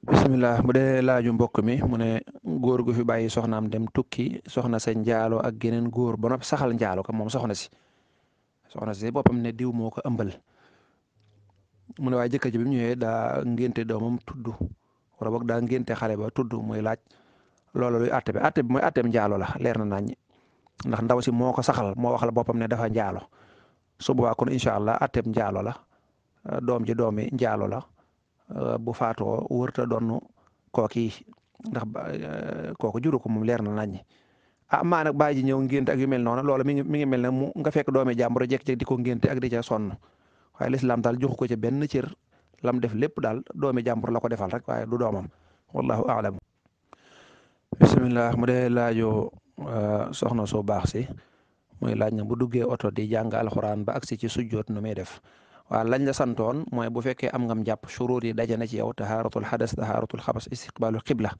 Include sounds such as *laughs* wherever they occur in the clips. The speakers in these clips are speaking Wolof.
bisimilah bu dee laaju mbokk mi mu ne góor gu fi bàyyi soxnaam dem tukki soxna sa njaalo ak geneen góor ba noppi saxal njaalo ko moom soxna si soxna si boppam ne diw moo ko ëmbal mu ne waaye jëkkër ji bi mu daa ngénte doomam tudd wala boog daa ngénte xale ba tudd muy laaj loolu luy àtte bi àtte bi mooy àtteem njaalo la leer na nañ ndax ndaw si moo ko saxal moo waxal boppam ne dafa njaalo su boobaa kon incha allah àtteem njaalo la doom ji doomi njaalo la. Euh, bu faatoo wërta doonu kooki ndax euh, kooku juru ko moom leer na nañ a ah, maa nag bàyyi ji ñëw ngént ak yu mel noonu loola mi ngi mi ngi mel ne mu nga fekk doomi jàmbur jekk-jekk di ko ngénte ak di ca sonn waaye lislaam daal joxu ko ci benn cër lam def lépp daal doomi jàmbur la ko defal rek waaye du doomam wallahu aalam bisimilah mu dee laajo euh, soxna su baax si muy laaj na bu duggee oto di jàng alxuraan ba agsi ci sujjoot nu muy def waa lañ la santoon mooy bu fekkee am ngam jàpp shuruur yi daje na ci yow tahaaratul xadas tahaaratul xabas istiqbaalu xibla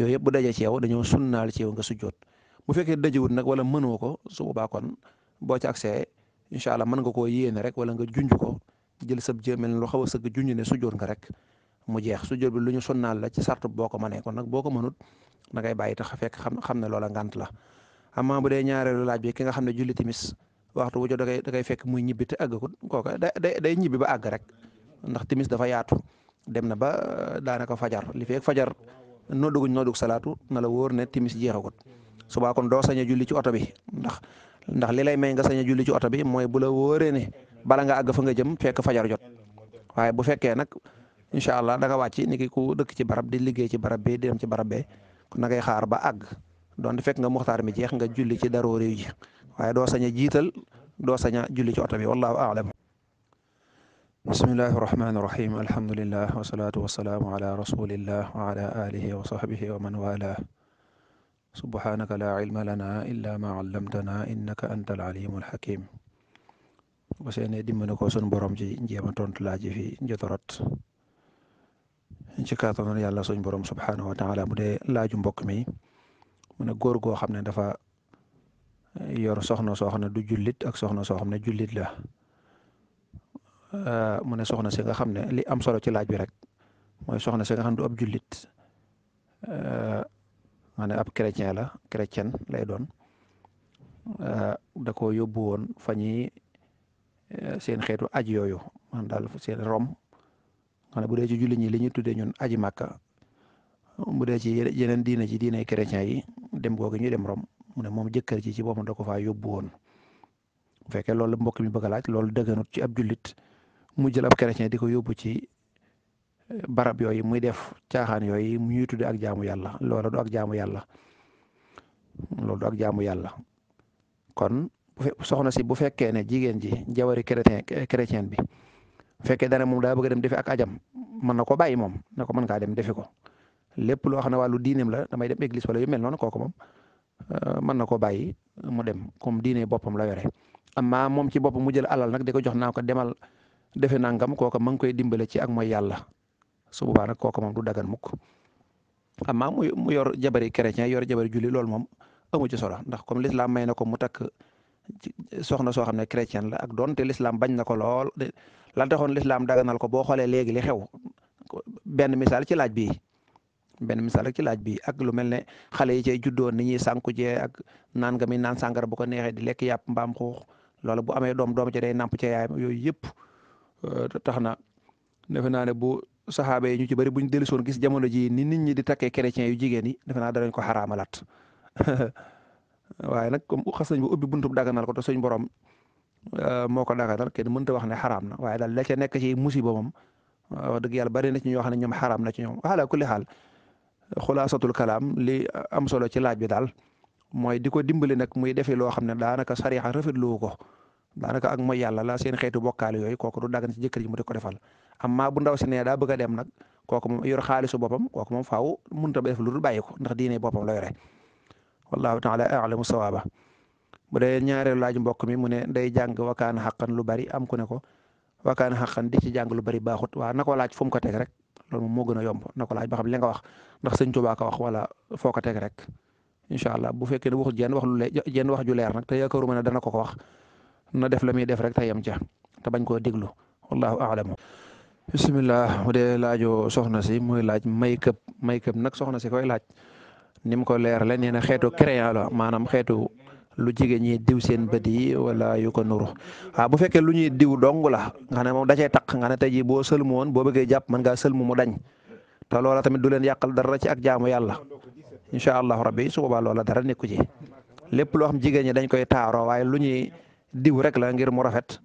yooyu yëpp bu daje ci yow dañoo sunnaal ci yow nga sujjoot bu fekkee dajewut nag wala mënoo ko su boobaa boo ci agsee incha allah man nga koo yéene rek wala nga junj ko jël sab jéemel lu xaw a sëgg junj ne sujjoot nga rek mu jeex sujjoot bi lu ñu sunnaal la ci sartu boo ko manee kon nag boo ko mënut da ngay bàyyi tax fekk xam xam ne loola ngant la amaa bu dee ñaareelu laaj bi ki nga xam ne julli timis waxtu wu jot da da koy fekk muy ñibbi te àggagul day day ñibbi ba àgg rek ndax timis dafa yaatu dem na ba euh, daanaka fajar li feek fajar nooduguñ noddug salaatu na la wóor ne timis jeexagut subaa kon doo sañ julli ci oto bi ndax ndax li lay may nga sañ julli ci oto bi mooy bu la wóoree ne bala nga àgg fa nga jëm fekk fajar jot waaye bu fekkee nag incha allah da nga wàcc ni ki ku dëkk ci barab di liggéey ci barab bi di dem ci barab bee kon na ngay xaar ba àgg doon fekk nga muxtaar mi jeex nga julli ci daroore yi waaye doo sañ jiital doo sañ a julli bi wallahu aalam bismillahi rahmaani rahim alhamdulillah wasalaatu wasalaamu ala rasulillah wa ala alihi wa sahbihi wa man wala subhanaka la ilma lana illa ma allamtana innaka anta al alimul hakim bu seene dimbale ko sun borom ci njéema tontu laaj fi jotorot ci kaatanoon yàlla suñ borom subhanahu wa taala bu dee laaju mbokk mi mu ne góor xam ne dafa yor soxna soo xam ne du jullit ak soxna soo xam ne jullit la euh, mu ne soxna si nga xam ne li am solo ci laaj bi rek mooy soxna si xam ne du ab julit ma euh, ne ab chrétien la chrétien lay doon euh, da koo yóbbu woon seen xeetu aj yooyu man daal seen rom nga ne bu dee ci jullit ñi li ñu tuddee ñun aji màkka bu dee ci yeneen diina ci diinay chrétien yi dem googu ñu dem rom mu ne moom jëkkër ji ci moom da ko faa yóbbu woon bu fekkee loolu mbokk mi bëgg a laaj loolu dëgganut ci ab jullit mu jël ab chrétien di ko yóbbu ci eh, barab yooyu muy def caaxaan yooyu mu ñuy tudde ak jaamu yàlla loola du ak jaamu yàlla loolu du ak yàlla kon soxna si bu fekkee ne jigéen ji jawari chrétien eh, chrétien bi bu fekkee dana moom daa bëgg dem defi ak ajam mën na ko bàyyi moom na ko mën ngaa dem defi ko lépp loo xam ne diinem la damay dem église wala yu mel noon kooku moom Euh, mën na ko bàyyi mu dem comme diine boppam la yore amma moom ci boppam mu jël alal nag di ko jox naa ko demal defe nangam kooka ma ngi koy dimbale ci ak mooy yàlla su boobaa nag kooka moom du dagan mukk amma mu yor jabari chrétien yor jabari juli loolu moom amu ci solo ndax comme l'islam may na ko mu takk soxna soo xam ne chrétien la ak doonte l'islam bañ na ko lool lan taxoon l'islam daganal ko boo xoolee léegi le xew benn misaal ci laaj bi benn misaal rek ci laaj bi ak lu mel ne xale yi cay juddoo ni ñuy sànku jee ak naan nga mi naan sàngara bu ko neexee di lekk yàpp mbaam xuux loolu bo ame doom doom ci day nàmp ca yaayam yooyu yëpp euh, tax na defe naa ne bu saxaaba yi ñu ci bëri bu ñu dellusoon gis jamono ji ni nit ñi di takkee chrétien yu jigéen yi defe naa danañ ko xaraamalaat *laughs* waaye nag comme xas nañ bu ubbi buntub daganal ko te suñ borom euh, moo ko daganal kenn mënta wax ne xaraam na waaye daal la nekk ci musiba moom wax dëgg yàlla bari na ci ñoo xam ñoom xaraam na ci ñoom xulaasatul kalaam li am solo ci laaj bi daal mooy di ko dimbali nag muy defi loo xam ne daanaka sariya rafetlu ko daanaka ak mooy yàlla la seen xeetu bokkaal yooyu kooku du daggan ci jëkkër ji mu di ko defal amma bu ndaw si ne daa bëgg a dem nag kooku moom yor xaalisu boppam kooku moom faaw mënut a def lu dul bàyyi ko ndax diine boppam la yore wallahu taala alamu sawaaba bu dee ñaareelu laaj mbokk mi mu ne day jàng wakaana xaqan lu bari am ku ne ko wakaana xaqan di ci jàng lu bari baaxut waaw na laaj fu mu ko teg rek lool moom moo gën a yomb na ko laaj ba xam li nga wax ndax sëñ Tuubaa ko wax wala foo ko teg rek incha allah bu fekkee ne waxul jenn wax lu jenn wax ju leer nag te yaakaaruma ne dana ko ko wax na def la muy def rek te yem ca te bañ koo déglu wallahu a'lam bisimilah bu laajo soxna si muy laaj maykëb maykëb nag soxna si koy laaj ni mu ko leer la xeetu crayon la maanaam xeetu lu jigéen ñi diw seen bët yi wala yu ko nuru waaw ah, bu fekkee lu ñuy diw dong la nga ne moom da taq nga ne tey jii boo sëlmu woon boo bëggee jàpp man ngaa sëlmu mu dañ te loola tamit du leen yàqal dara ci ak jaamu yàlla incha allahu rabbi su boobaa loola dara nekku ci lépp loo xam jigéen ñi dañ koy taaroo waaye lu ñuy diw rek la ngir mu rafet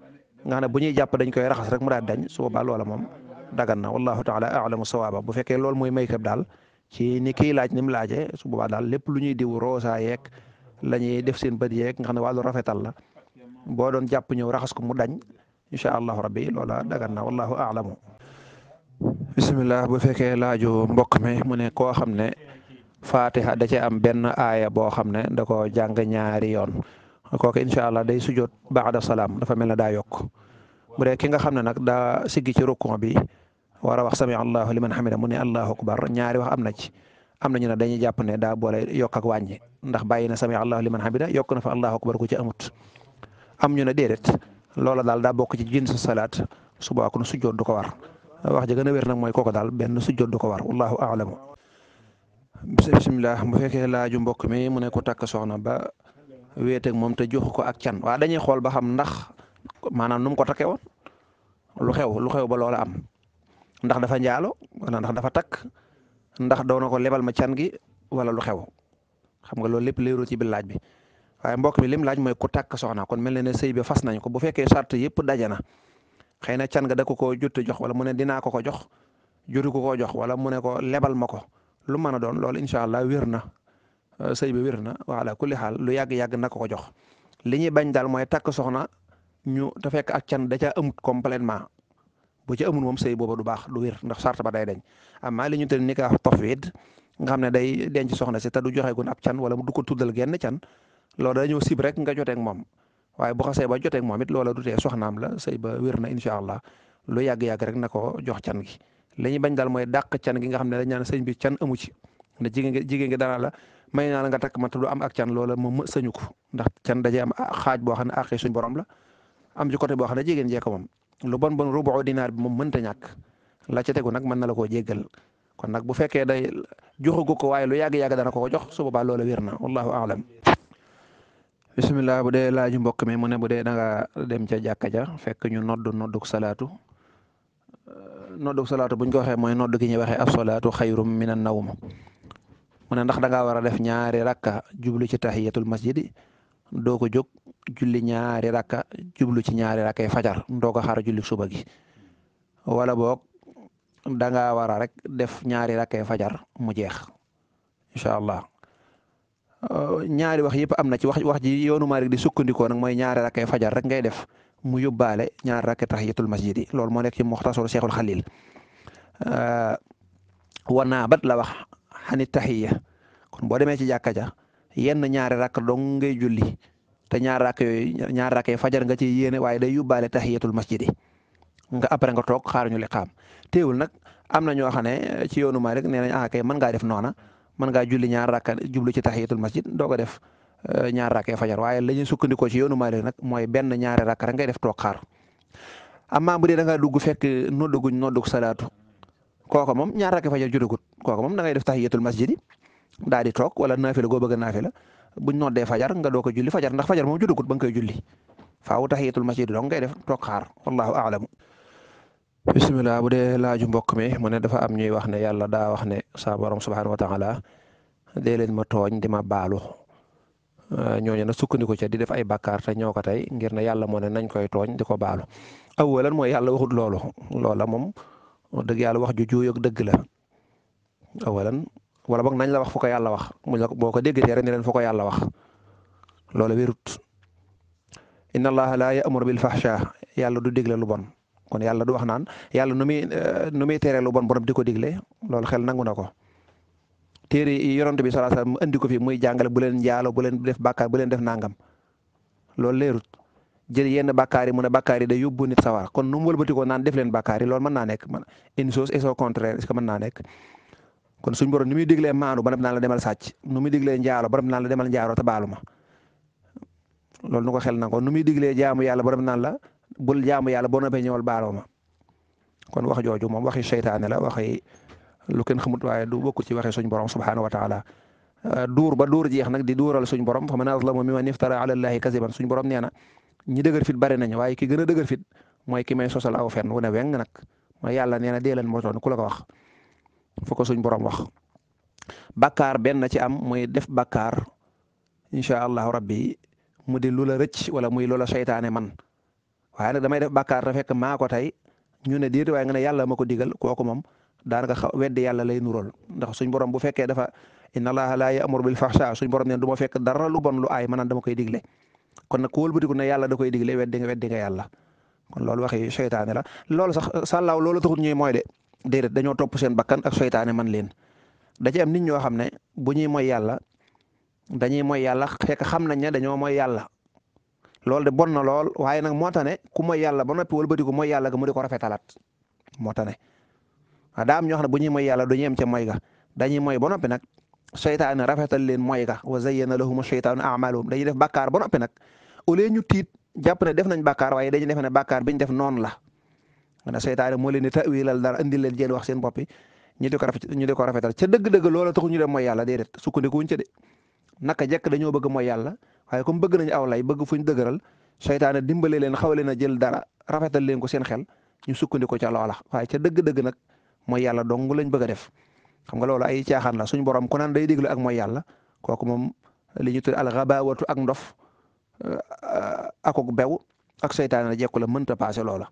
nga ne bu ñuy jàpp dañ koy raxas rek mu daal dañ su boobaa loola moom dagan na wallahu taala alamu sawaaba bu fekkee loolu mooy maykab daal ci ni kii laaj ni mu laajee su boobaa daal lépp lu ñuy diw roosa yeek la ñuy def seen bët yeeg nga xam ne wàllu rafetal la boo doon jàpp ñëw raxas ko mu dañ incha allahu rabbi loola dagan na wallahu aalamu bisimilah bu fekkee laaju mbokk mi mu ne koo xam ne faate da cee am benn aaya boo xam ne da ko jàng ñaari yoon kooku incha allah day sujjoot baada salaam dafa mel ne daa yokk bu dee ki nga xam ne nag daa siggi ci rukon bi war a wax sami allahu liman hamida mu ne allahu akbar ñaari wax am na ci am na ñu ne dañuy jàpp ne daa boole yokk ak wàññi ndax bàyyi na sami allahu liman hamida yokk na fa allahu akbar ku ci amut am ñu ne déedéet loola daal daal bokk ci jinsu salaat subaa kon sujjoot du ko war wax ji gën a nag mooy kooko daal benn sujjoot du ko war wallahu aalamu bisimilah bu fekkee laaju mbokk mi mu ne ko takk soxna ba wéeteeg moom te joxu ko ak can wa dañuy xool ba xam ndax maanaam nu mu ko takkee woon lu xew lu xew ba loola am dafa njaalo ndax dafa takk ndax doon na ko lebal ma can gi wala lu xew xam nga loolu lépp leeroo ci laaj bi waaye mbokk bi lim laaj mooy ku takk soxna kon mel na ne sëy bi fas nañ ko bu fekkee sart yëpp daje na xëy na can nga da ko koo jot jox wala mu ne dinaa ko ko jox jotu ko koo jox wala mu ne ko lebal ma ko lu mën a doon lool incha allah wér na euh, sëy bi wér na wala kulli xaal lu yàgg-yàgg na ko ko jox li ñuy bañ daal mooy takk soxna ñu te fekk ak can da caa ëmut complètement bu ci amul moom sëy booba du baax du wér ndax sart ba day dañ amaa li ñu tëdd nikaax tafwiid nga xam ne day denc soxna se te du joxe gun ab can wala du ko tuddal genn can loolu dañoo sib rek nga joteeg moom waaye bu xasee ba joteeg moom it loola du tee soxnaam la sëy ba wér na incha allah lu yàgg-yàgg rek na ko jox can gi li ñu bañ daal mooy dàq can gi nga xam ne dañ naan sëñ bi can amu ci ne jigéen gi jigéen gi dana la may naa la nga takk mata du am ak can loola moom sëñu ko ndax can dajee am xaaj boo xam ne e suñ borom la am ci côté boo xam ne jigéen jee ko moom lu bon bon rubu dinaar bi moom mënta ñàkk la ca tegu nag mën na la koo jéggal kon nag bu fekkee day joxagu ko waaye lu yàgg-yàgg dana ko jox su boobaa loola na wallahu aalam bisimilah bu dee laaju mbokk mi mu ne bu dee danga nga dem ca jàkka ja fekk ñu nodd nodduk salaatu nodduk salaatu buñ ko waxee mooy nodd gi ñuy waxee as-salaatu xayrum min na nawm mu ne ndax da ngaa war a def ñaari rakka jublu ci tahiyatul masjidi doo ko jóg julli ñaari rakka jublu ci ñaari rakkay fajar doo ko xaar julli suba gi wala boog danga ngaa war a rek def ñaari rakkay fajar mu jeex incha allah euh, ñaari wax yëpp am na ci wax wax ji yoonu Maalik di sukkandikoo nag mooy ñaari rakkay fajar rek ngay def mu yóbbaale ñaari rakkay tahiyatul masjid yi loolu moo nekk ci Muxtasar Seexul Xalil euh, wa naabat la wax xani tahiya kon boo demee ci jàkka ja yenn ñaari rakk dong ngay julli te ñaari rakk yooyu ñaari rakk yi fajar nga ci yéene waaye day yóbbaale tahiyatul masjidi nga après nga toog xaar ñu li xaam teewul nag am na ñoo xam ne ci yoonu Maalik nee nañ ah mën ngaa def noona mën julli ñaar rakka jublu ci tahiyatul masjid doo ko def euh, ñaar rakka fajar waaye la ñuy sukkandikoo ci yoonu Maalik nag mooy benn ñaari rakk rek ngay def toog xaar amma bu dee da ngaa dugg fekk nodduguñ noddug salaatu kooka moom ñaar rakka fajar judagut kooka moom da ngay def tahiyatul masjid daal di toog wala naafila goo bëgg a naafila buñ noddee fajar nga doo ko julli fajar ndax fajar moom juddugut ba nga koy julli faaw tahiyatul masjid dong ngay def toog xaar wallahu a'lam bisimilah bu dee laaju mbokk mi mu ne dafa am ñuy wax ne yàlla daa wax ne sa borom subhanahu wa taala dee leen ma tooñ di ma baalu ñooñu nag sukkandiku ca di def ay bakkaar te ñoo ko tey ngir ne yàlla moo ne nañ koy tooñ di ko baalu awalan mooy yàlla waxut loolu loola moom dëgg yàlla wax ju juuyog dëgg la wala boog nañ la wax fu ko yàlla wax mu la boo ko déggatee rek ne leen fu ko yàlla wax loola wérut inna allaha laa ya'muru bil fahsha yàlla du digle lu bon kon yàlla du wax naan yàlla nu muy euh, nu muy teree lu bon di ko digle loolu xel nangu na ko téere yonent bi sallallahu a wasallam mu andi ko fi muy jàngale bu leen njaaloo leen def bàkkaar bu leen def nangam loolu leerut jël yenn bàkkaar yi mu ne bàkkaar yi day yóbbu nit sawar kon nu mu wëlbatikoo naan def leen bàkkaar yi loolu mën naa nekk man une chose et son contraire est-ce que mën naa nekk kon suñu borom ni muy diglee maanu ba naa la demal sàcc nu muy diglee njaalo ba naa la demal njaaro te baalu ma loolu nu ko xel na ko nu muy diglee jaamu yàlla ba naa la bul jaamu yàlla boo noppee ñëwal baaloo ma kon wax jooju moom waxi seytaane la waxi lu kenn xamut waaye du bokkul ci waxi suñu borom subhaanahu wa taala duur ba duur jeex nag di duural suñu borom fa man azlamu mimman iftara ala llahi kasiban suñu borom nee na ñi dëgër fit bari nañ waaye ki gën a dëgër fit mooy ki may sosal aw fen wu ne weng nag mooy nee na dee leen moytoon la ko wax fu ko suñ borom wax bàkkaar benn ci am muy def bàkkaar incha allahu rabbi mu di lu la rëcc wala muy loola seytaane man waaye nag damay def bàkkaar te fekk maa ko tey ñu ne déet waaye nga ne yàlla ma ko digal kooku moom daanaka xaw weddi yàlla lay nurool ndax suñ borom bu fekkee dafa inna allaha laa ya'muru bil fahsha suñ borom ne du ma fekk dara lu bon lu aay maanaam dama koy digle kon nag ku wëlbatiku ne yàlla da koy digle weddi nga weddi nga yàlla kon déedéet dañoo topp seen bakkan ak soytaane man leen da ci nit ñoo xam ne bu ñuy mooy yàlla dañuy mooy yàlla fekk xam nañ ne dañoo mooy yàlla loolu de bon na lool waaye nag moo tax ne ku mooy yàlla ba noppi wëlbatiku mooy yàlla ga mu di ko rafetalaat moo tax ne daa ne bu ñuy mooy yàlla du ñu yem ca ga dañuy mooy ba noppi nag seytaane rafetal leen mooy ga wa zayyana lahum seytaanu amaluhum dañuy def bakaar ba noppi nag au lieu ñu tiit jàpp ne def nañ bàkkaar waaye dañuy def ne bàkkaar bi ñu def noonu la ma ne seytaane moo leen di tawilal dara indil leen jeen wax seen boppi ñu di ñu di ko rafetal ca dëgg-dëgg loola taxu ñu dem mooy yàlla déedéet sukkandikuñ ca de naka dañoo bëgg mooy yàlla waaye comme bëgg nañu aw lay bëgg fuñ dëgëral seytaane dimbale leen xawale na jël dara rafetal leen seen xel ñu sukkandiku ca loola waaye ca dëgg-dëgg nag mooy yàlla dong lañ bëgg def xam nga loolu ay caaxaan la suñu borom ku naan day déglu ak mooy yàlla kooku moom li ñu tuddee alxabawatu ak ndof euh, akuk bew ak seytaane jekku la mënta paase loola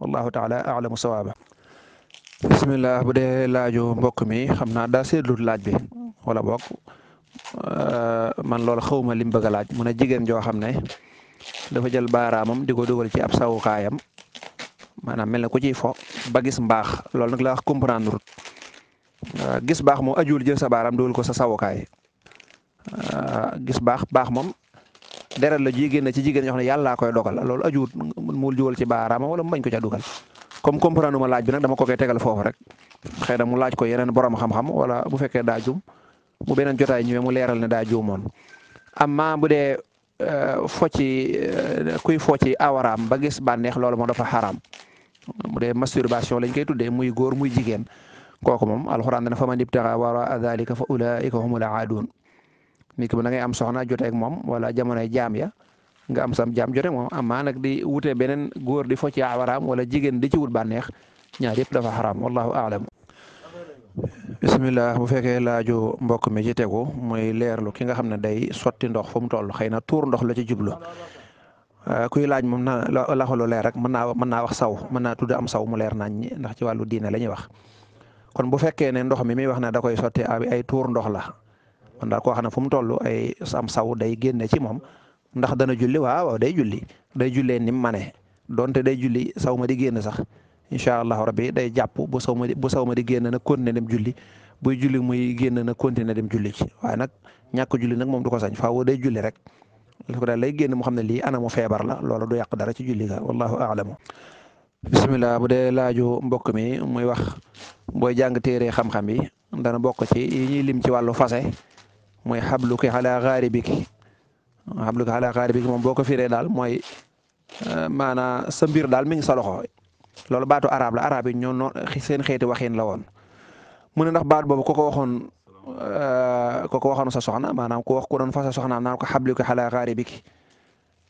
wallahu taala alamu sawaaba bisimilah bu dee laaju mbokk mi xam naa daa seetlu laaj bi mm. wala bokk euh, man loolu xawma lim bëgg a laaj mu ne jigéen joo xam ne dafa jël baaraamam di ko dugal ci ab sawukaayam maanaam mel na ku ciy fo ba gis mbaax loolu nag la comprendre euh, gis baax moom ajuul jël sa baaraam dugal ko sa sawukaay euh, gis baax baax moom deret la jigéen na ci jigéen ñoo xam ne yàllaa koy dogal loolu ajuut muul juwal ci baaraama wala mu bañ ko ca dugal comme comprendre ma laaj bi ko koy tegal foofu rek xëy mu laaj ko yeneen borom xam-xam wala bu fekkee daa jum mu beneen jotaay ñëwee mu leeral ne daa juumoon amma bu dee euh, focci euh, kuy focci awaraam ba gis bànneex loolu moom dafa xaraam bu dee masturbation lañ koy tuddee muy góor muy jigéen kooku moom alxuraan dana fa man ibtaxa wara dalika fa ulaika humul aadun nit ki ba da ngay am soxna jote ak moom wala jamonoy jaam ya nga am sam jaam jote moom amaa nag di wute beneen góor di focc awaraam wala jigéen di ci wut bànneex ñaar yëpp dafa xaraam wallahu aalam bisimilah bu fekkee laaju mbokk mi ci tegu leer leerlu ki nga xam ne day sotti ndox fu mu toll xëy na tuur ndox la ci jublu ah, kuy laaj moom na la xolu leer rek mën naa mën naa wax saw mën naa am saw mu leer nañ ndax ci wàllu diina la ñuy wax kon bu fekkee ne ndox mi muy wax ne da koy sotti ay tuur ndox la kon daal koo xam mu toll ay sam saw day génne ci moom ndax dana julli waaw day julli day jullee ni mu manee donte day julli saw ma di génn sax incha allah rabbi day jàpp bu saw ma di bu saw ma di génn na continuer dem julli buy julli muy génn na continuer dem julli ci waaye nag ñàkk julli nag moom du ko sañ faaw day julli rek ko lay génn mu xam ne lii ana mu feebar la loolu du yàq dara ci julli ga wallahu aalamu bisimilah bu dee laaju mbokk mi muy wax booy jàng téere xam-xam yi dana bokk ci yi ñuy ci wàllu fase mooy xabluki ala xaaribiki xabluki ala moom boo ko firee daal mooy euh, maanaa sa mbir daal mi ngi sa loxo loolu baatu arab la arab yi ñoo noo seen xeeti waxin la woon mu ne ndax baat boobu ko ko waxoon euh, ko ko waxoon sa soxna maanaam ko wax ku doon fa sa soxnaam naan ko xabluki ala xaaribiki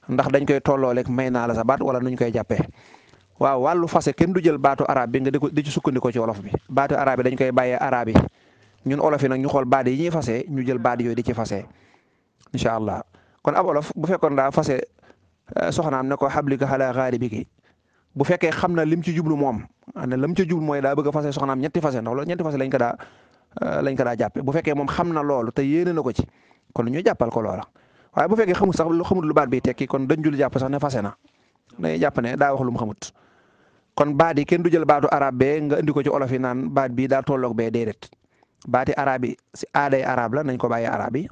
ndax dañ koy tollooleeg may naa la sa baat wala nuñ koy jàppee waaw wàllu fase kenn du jël baatu arab bi nga di ci sukkandiku ci wolof bi baatu arab dañ koy bàyyee arab yi ñun olof nag ñu xool baat yi ñuy fase ñu jël baat yooyu di ci fase incha allah kon ab olof bu fekkoon daa fase eh, soxnaam ne ko xablika xala xaaribiki bu fekkee xam na lim ci jublu moom ne lam ci jublu mooy daa bëgg a fase soxnaam ñetti fase ndax loolu ñetti fase lañ ko daa eh, lañ ko daa jàppe bu fekkee moom xam na loolu te yéene na ko ci kon ñu jàppal ko loola waaye bu fekkee xamul sax lu lu baat bi tekki kon dañ jul jàpp sax ne fase na day jàpp ne daa wax lu mu xamut kon baat yi kenn du jël baatu arab bee nga indi ko ci olof yi naan baat bii daa tolloog bee déedéet baati arab yi si aaday arab la nañ ko bàyyi arab yi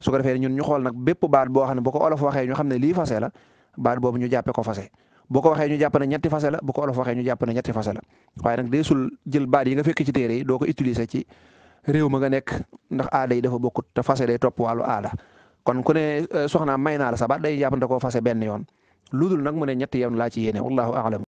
su ko defee ñun ñu xool nag bépp baat boo xam ne bu ko olof waxee ñu xam ne lii fase la baat boobu ñu jàppee ko fase bu ko waxee ñu jàpp ne ñetti fase la bu ko olof waxee ñu jàpp ne ñetti fase la waaye nag deesul jël baat yi nga fekk ci téere yi doo ko utiliser ci réew ma nga nekk ndax aada yi dafa bokkut te fase day topp wàllu aada kon ku ne eh, soxna may naa la sa baat day jàpp ne da koo fase benn yoon lu dul nag mu ne ñetti yoon laa ci yéene wallahu aalam